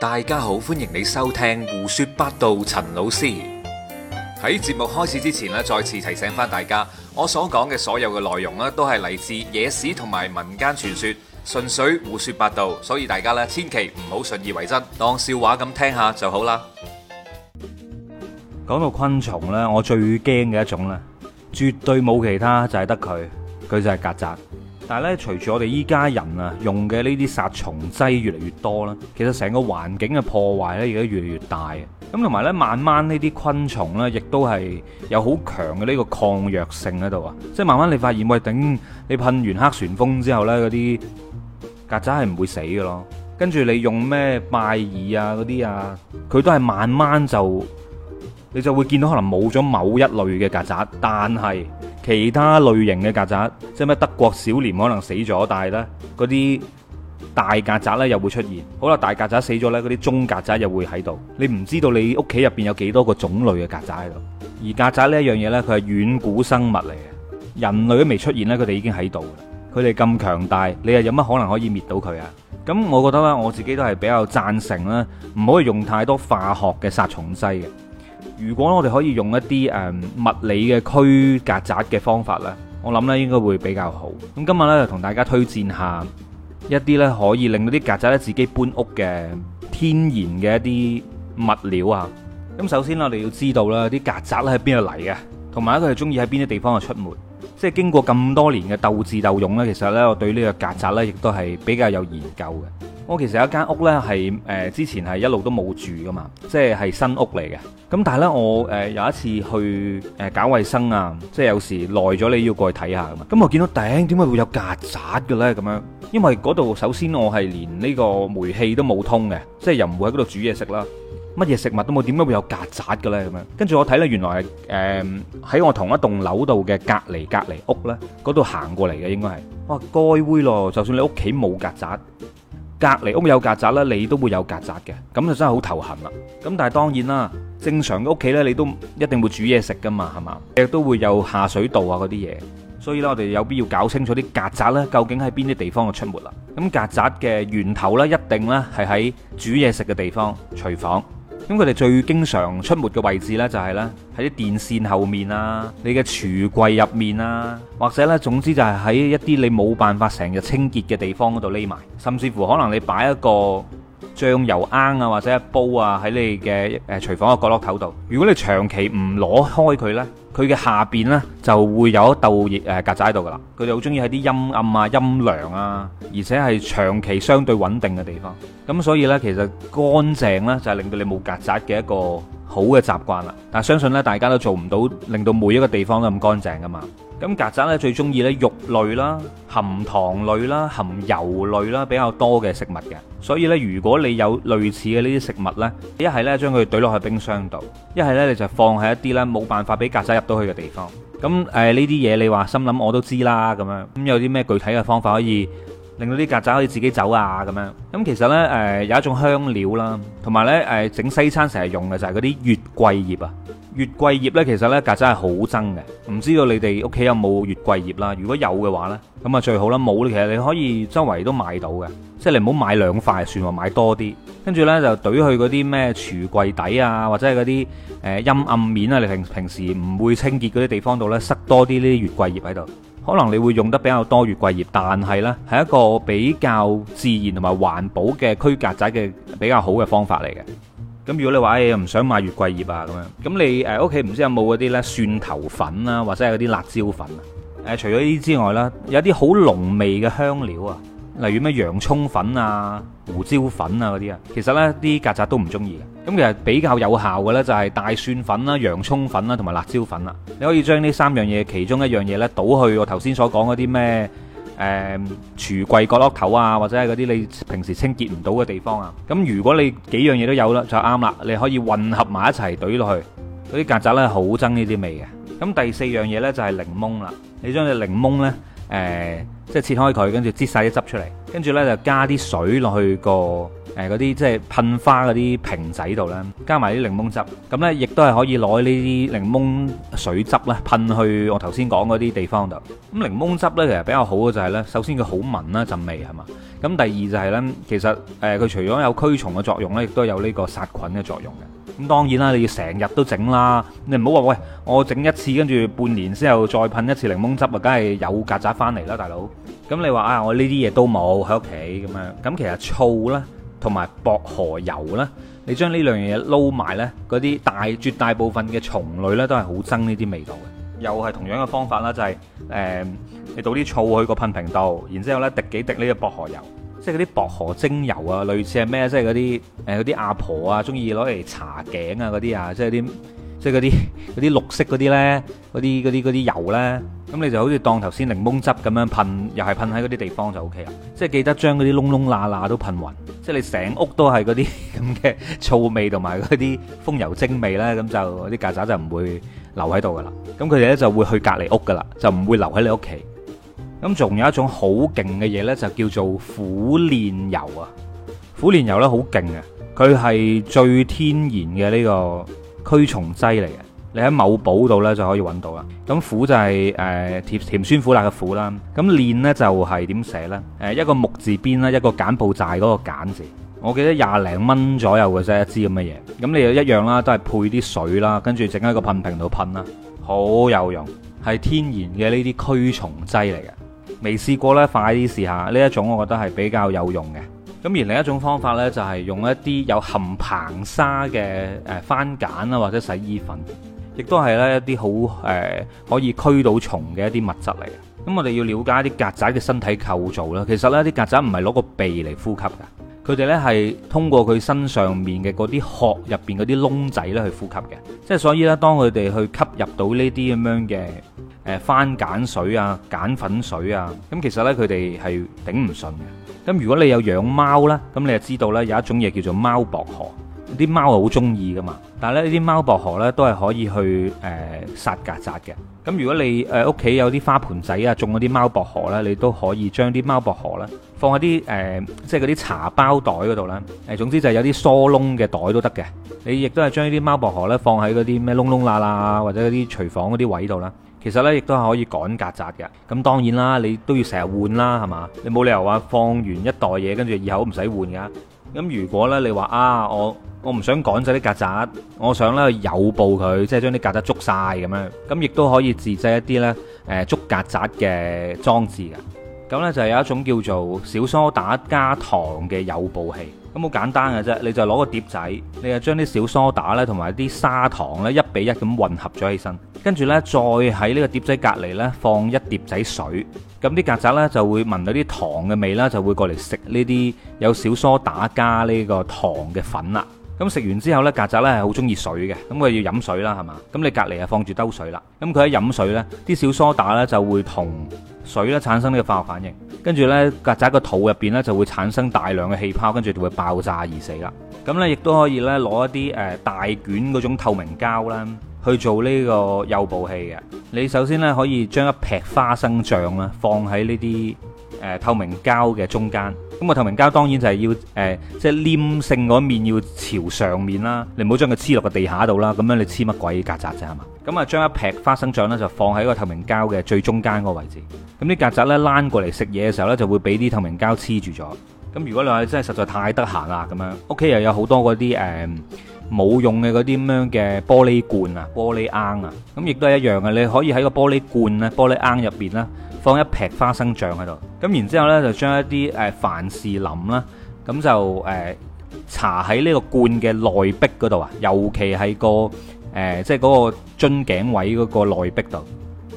大家好，歡迎你收聽胡說八道。陳老師喺節目開始之前咧，再次提醒翻大家，我所講嘅所有嘅內容咧，都係嚟自野史同埋民間傳說，純粹胡說八道，所以大家咧千祈唔好信以為真，當笑話咁聽下就好啦。講到昆蟲咧，我最驚嘅一種咧，絕對冇其他，就係得佢，佢就係曱甴。但係咧，隨住我哋依家人啊用嘅呢啲殺蟲劑越嚟越多啦，其實成個環境嘅破壞咧，而家越嚟越大。咁同埋咧，慢慢蟲呢啲昆蟲咧，亦都係有好強嘅呢個抗藥性喺度啊！即係慢慢你發現，喂，頂你噴完黑旋風之後咧，嗰啲曱甴係唔會死嘅咯。跟住你用咩拜耳啊嗰啲啊，佢、啊、都係慢慢就，你就會見到可能冇咗某一類嘅曱甴，但係其他類型嘅曱甴，即係咩德國小蠊可能死咗，但係咧嗰啲大曱甴咧又會出現。好啦，大曱甴死咗咧，嗰啲中曱甴又會喺度。你唔知道你屋企入邊有幾多個種類嘅曱甴喺度。而曱甴呢一樣嘢呢，佢係遠古生物嚟嘅，人類都未出現呢，佢哋已經喺度。佢哋咁強大，你又有乜可能可以滅到佢啊？咁我覺得咧，我自己都係比較贊成啦，唔可以用太多化學嘅殺蟲劑嘅。如果我哋可以用一啲誒、嗯、物理嘅驅曱甴嘅方法呢，我諗咧應該會比較好。咁今日呢，就同大家推薦一下一啲咧可以令到啲曱甴咧自己搬屋嘅天然嘅一啲物料啊。咁、嗯、首先我哋要知道咧啲曱甴咧喺邊度嚟嘅，同埋佢哋鍾意喺邊啲地方去出沒。即係經過咁多年嘅鬥智鬥勇呢，其實呢，我對呢個曱甴呢亦都係比較有研究嘅。我其實有一間屋呢，係誒、呃、之前係一路都冇住噶嘛，即係係新屋嚟嘅。咁但係呢，我誒、呃、有一次去誒、呃、搞衞生啊，即係有時耐咗，你要過去睇下咁嘛。咁、嗯、我見到頂點解會有曱甴嘅呢？咁樣因為嗰度首先我係連呢個煤氣都冇通嘅，即係又唔會喺嗰度煮嘢食啦，乜嘢食物都冇，點解會有曱甴嘅咧？咁樣跟住我睇呢，原來係誒喺我同一棟樓度嘅隔離隔離屋呢，嗰度行過嚟嘅應該係。哇，該會咯。就算你屋企冇曱甴。隔離屋有曱甴啦，你都會有曱甴嘅，咁就真係好頭痕啦。咁但係當然啦，正常嘅屋企呢，你都一定會煮嘢食噶嘛，係嘛，亦都會有下水道啊嗰啲嘢，所以咧我哋有必要搞清楚啲曱甴呢究竟喺邊啲地方嘅出沒啦。咁曱甴嘅源頭呢，一定呢係喺煮嘢食嘅地方，廚房。咁佢哋最經常出沒嘅位置呢，就係呢喺啲電線後面啊，你嘅櫥櫃入面啊，或者呢，總之就係喺一啲你冇辦法成日清潔嘅地方嗰度匿埋，甚至乎可能你擺一個醬油罌啊或者一煲啊喺你嘅誒廚房嘅角落頭度，如果你長期唔攞開佢呢。佢嘅下邊呢，就會有一竇嘢誒曱甴喺度㗎啦，佢哋好中意喺啲陰暗啊、陰涼啊，而且係長期相對穩定嘅地方。咁所以呢，其實乾淨呢，就係令到你冇曱甴嘅一個好嘅習慣啦。但相信呢，大家都做唔到令到每一個地方都咁乾淨㗎嘛。咁曱甴咧最中意咧肉類啦、含糖類啦、含油類啦比較多嘅食物嘅，所以咧如果你有類似嘅呢啲食物咧，一係咧將佢堆落去冰箱度，一係咧你就放喺一啲咧冇辦法俾曱甴入到去嘅地方。咁誒呢啲嘢你話心諗我都知啦咁樣，咁有啲咩具體嘅方法可以令到啲曱甴可以自己走啊咁樣？咁其實咧誒、呃、有一種香料啦，同埋咧誒整西餐成日用嘅就係嗰啲月桂葉啊。月桂葉咧，其實咧曱甴係好憎嘅，唔知道你哋屋企有冇月桂葉啦？如果有嘅話呢，咁啊最好啦，冇其實你可以周圍都買到嘅，即係你唔好買兩塊，算話買多啲，跟住呢，就懟去嗰啲咩櫥櫃底啊，或者係嗰啲誒陰暗面啊，你平平時唔會清潔嗰啲地方度呢，塞多啲呢啲月桂葉喺度，可能你會用得比較多月桂葉，但係呢，係一個比較自然同埋環保嘅驅曱甴嘅比較好嘅方法嚟嘅。咁如果你話誒唔想買月桂葉啊咁樣，咁你誒屋企唔知有冇嗰啲咧蒜頭粉啦，或者係嗰啲辣椒粉啊？誒，除咗呢啲之外啦，有啲好濃味嘅香料啊，例如咩洋葱粉啊、胡椒粉啊嗰啲啊，其實咧啲曱甴都唔中意嘅。咁其實比較有效嘅咧就係大蒜粉啦、洋葱粉啦同埋辣椒粉啦。你可以將呢三樣嘢其中一樣嘢咧倒去我頭先所講嗰啲咩？誒、嗯，廚櫃角落頭啊，或者係嗰啲你平時清潔唔到嘅地方啊，咁如果你幾樣嘢都有啦，就啱啦，你可以混合埋一齊懟落去，嗰啲曱甴咧好憎呢啲味嘅。咁第四樣嘢呢，就係、是、檸檬啦，你將隻檸檬呢。誒、呃，即係切開佢，跟住擠晒啲汁出嚟，跟住呢就加啲水落去個誒嗰啲即係噴花嗰啲瓶仔度啦，加埋啲檸檬汁，咁呢亦都係可以攞呢啲檸檬水汁咧噴去我頭先講嗰啲地方度。咁、嗯、檸檬汁呢其實比較好嘅就係呢，首先佢好聞啦，陣味係嘛，咁、嗯、第二就係呢，其實誒佢、呃、除咗有驅蟲嘅作用呢，亦都有呢個殺菌嘅作用嘅。咁當然啦，你要成日都整啦，你唔好話喂，我整一次跟住半年之後又再噴一次檸檬汁啊，梗係有曱甴翻嚟啦，大佬。咁你話啊、哎，我呢啲嘢都冇喺屋企咁樣，咁其實醋啦，同埋薄荷油啦，你將呢兩樣嘢撈埋呢嗰啲大絕大部分嘅蟲類呢，都係好憎呢啲味道嘅。又係同樣嘅方法啦，就係、是、誒、嗯，你倒啲醋去個噴瓶度，然之後呢滴幾滴呢個薄荷油。即係嗰啲薄荷精油啊，類似係咩？即係嗰啲誒啲阿婆啊，中意攞嚟搽頸啊嗰啲啊，即係啲即係嗰啲啲綠色嗰啲咧，嗰啲啲啲油咧，咁你就好似當頭先檸檬汁咁樣噴，又係噴喺嗰啲地方就 OK 啦。即係記得將嗰啲窿窿罅罅都噴勻，即係你成屋都係嗰啲咁嘅醋味同埋嗰啲風油精味咧，咁就啲曱甴就唔會留喺度噶啦。咁佢哋咧就會去隔離屋噶啦，就唔會留喺你屋企。咁仲有一種好勁嘅嘢呢，就叫做苦楝油啊！苦楝油呢，好勁嘅，佢係最天然嘅呢個驅蟲劑嚟嘅。你喺某寶度呢，就可以揾到啦。咁苦就係、是、誒、呃、甜甜酸苦辣嘅苦啦。咁楝呢，就係點寫呢？誒一個木字邊啦，一個柬埔寨嗰個柬字。我記得廿零蚊左右嘅啫，一支咁嘅嘢。咁你又一樣啦，都係配啲水啦，跟住整喺個噴瓶度噴啦，好有用，係天然嘅呢啲驅蟲劑嚟嘅。未試過呢，快啲試下呢一種，我覺得係比較有用嘅。咁而另一種方法呢，就係用一啲有含硼砂嘅誒番梘啊，或者洗衣粉，亦都係呢一啲好誒可以驅到蟲嘅一啲物質嚟嘅。咁我哋要了解啲曱甴嘅身體構造啦。其實呢啲曱甴唔係攞個鼻嚟呼吸㗎，佢哋呢係通過佢身上面嘅嗰啲殼入邊嗰啲窿仔咧去呼吸嘅。即係所以呢，當佢哋去吸入到呢啲咁樣嘅。誒番鹼水啊、鹼粉水啊，咁其實呢，佢哋係頂唔順嘅。咁如果你有養貓咧，咁你就知道咧有一種嘢叫做貓薄荷，啲貓係好中意噶嘛。但係呢啲貓薄荷呢，都係可以去誒、呃、殺曱甴嘅。咁如果你誒屋企有啲花盆仔啊，種嗰啲貓薄荷呢，你都可以將啲貓薄荷呢放喺啲誒即係嗰啲茶包袋嗰度啦。誒總之就係有啲疏窿嘅袋都得嘅。你亦都係將啲貓薄荷呢放喺嗰啲咩窿窿罅罅或者嗰啲廚房嗰啲位度啦。其實呢，亦都係可以趕曱甴嘅。咁當然啦，你都要成日換啦，係嘛？你冇理由話放完一袋嘢，跟住以後唔使換噶。咁如果呢，你話啊，我我唔想趕曬啲曱甴，我想呢，誘捕佢，即係將啲曱甴捉晒，咁樣，咁亦都可以自製一啲呢誒捉曱甴嘅裝置嘅。咁咧就係有一種叫做小梳打加糖嘅誘捕器。咁好簡單嘅啫。你就攞個碟仔，你就將啲小梳打咧同埋啲砂糖咧一比一咁混合咗起身，跟住呢，再喺呢個碟仔隔離呢放一碟仔水，咁啲曱甴呢就會聞到啲糖嘅味啦，就會過嚟食呢啲有小梳打加呢個糖嘅粉啦。咁食完之後呢，曱甴呢係好中意水嘅，咁佢要飲水啦，係嘛？咁你隔離啊放住兜水啦。咁佢一飲水呢，啲小梳打呢就會同水咧產生呢個化學反應，跟住呢，曱甴個肚入邊呢就會產生大量嘅氣泡，跟住就會爆炸而死啦。咁呢亦都可以呢攞一啲誒大卷嗰種透明膠啦，去做呢個誘捕器嘅。你首先呢可以將一劈花生醬啦放喺呢啲，誒透明膠嘅中間，咁個透明膠當然就係要誒即係黏性嗰面要朝上面啦，你唔好將佢黐落個地下度啦，咁樣你黐乜鬼曱甴啫係嘛？咁啊將一劈花生醬咧就放喺個透明膠嘅最中間個位置，咁啲曱甴咧攣過嚟食嘢嘅時候咧就會俾啲透明膠黐住咗。咁如果你話真係實在太得閒啦，咁樣屋企又有好多嗰啲誒冇用嘅嗰啲咁樣嘅玻璃罐啊、玻璃盎啊，咁亦都係一樣嘅，你可以喺個玻璃罐咧、玻璃盎入邊啦。放一劈花生醬喺度，咁然之後呢，就將一啲誒凡士林啦，咁就誒搽喺呢個罐嘅內壁嗰度啊，尤其係個誒、呃、即係嗰個樽頸位嗰個內壁度。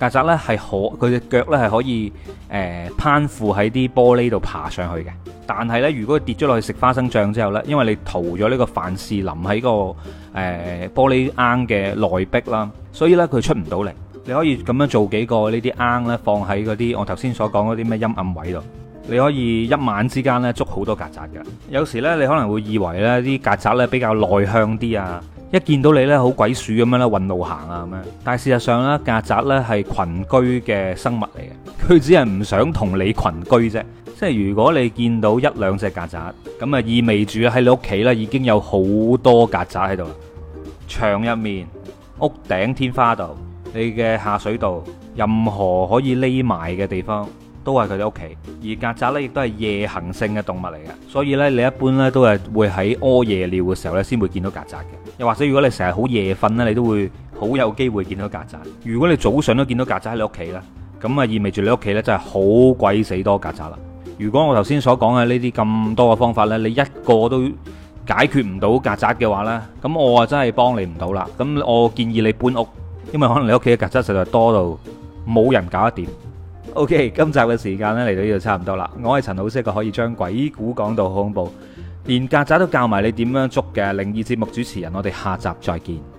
曱甴呢，係可佢隻腳呢係可以誒、呃、攀附喺啲玻璃度爬上去嘅，但係呢，如果跌咗落去食花生醬之後呢，因為你塗咗呢個凡士林喺個誒、呃、玻璃硬嘅內壁啦，所以呢，佢出唔到嚟。你可以咁樣做幾個呢啲坑咧，放喺嗰啲我頭先所講嗰啲咩陰暗位度。你可以一晚之間咧捉好多曱甴嘅。有時呢，你可能會以為呢啲曱甴呢比較內向啲啊，一見到你呢好鬼鼠咁樣啦，運路行啊咁樣。但係事實上呢，曱甴呢係群居嘅生物嚟嘅，佢只係唔想同你群居啫。即係如果你見到一兩隻曱甴，咁啊意味住喺你屋企呢已經有好多曱甴喺度啦，牆入面、屋頂、天花度。你嘅下水道，任何可以匿埋嘅地方都係佢哋屋企。而曱甴咧，亦都係夜行性嘅動物嚟嘅，所以咧你一般咧都係會喺屙夜尿嘅時候咧先會見到曱甴嘅。又或者如果你成日好夜瞓咧，你都會好有機會見到曱甴。如果你早上都見到曱甴喺你屋企咧，咁啊意味住你屋企咧真係好鬼死多曱甴啦。如果我頭先所講嘅呢啲咁多嘅方法咧，你一個都解決唔到曱甴嘅話咧，咁我啊真係幫你唔到啦。咁我建議你搬屋。因為可能你屋企嘅曱甴實在多到冇人搞得掂。OK，今集嘅時間呢嚟到呢度差唔多啦。我係陳老師，一個可以將鬼故講到好恐怖，連曱甴都教埋你點樣捉嘅靈異節目主持人。我哋下集再見。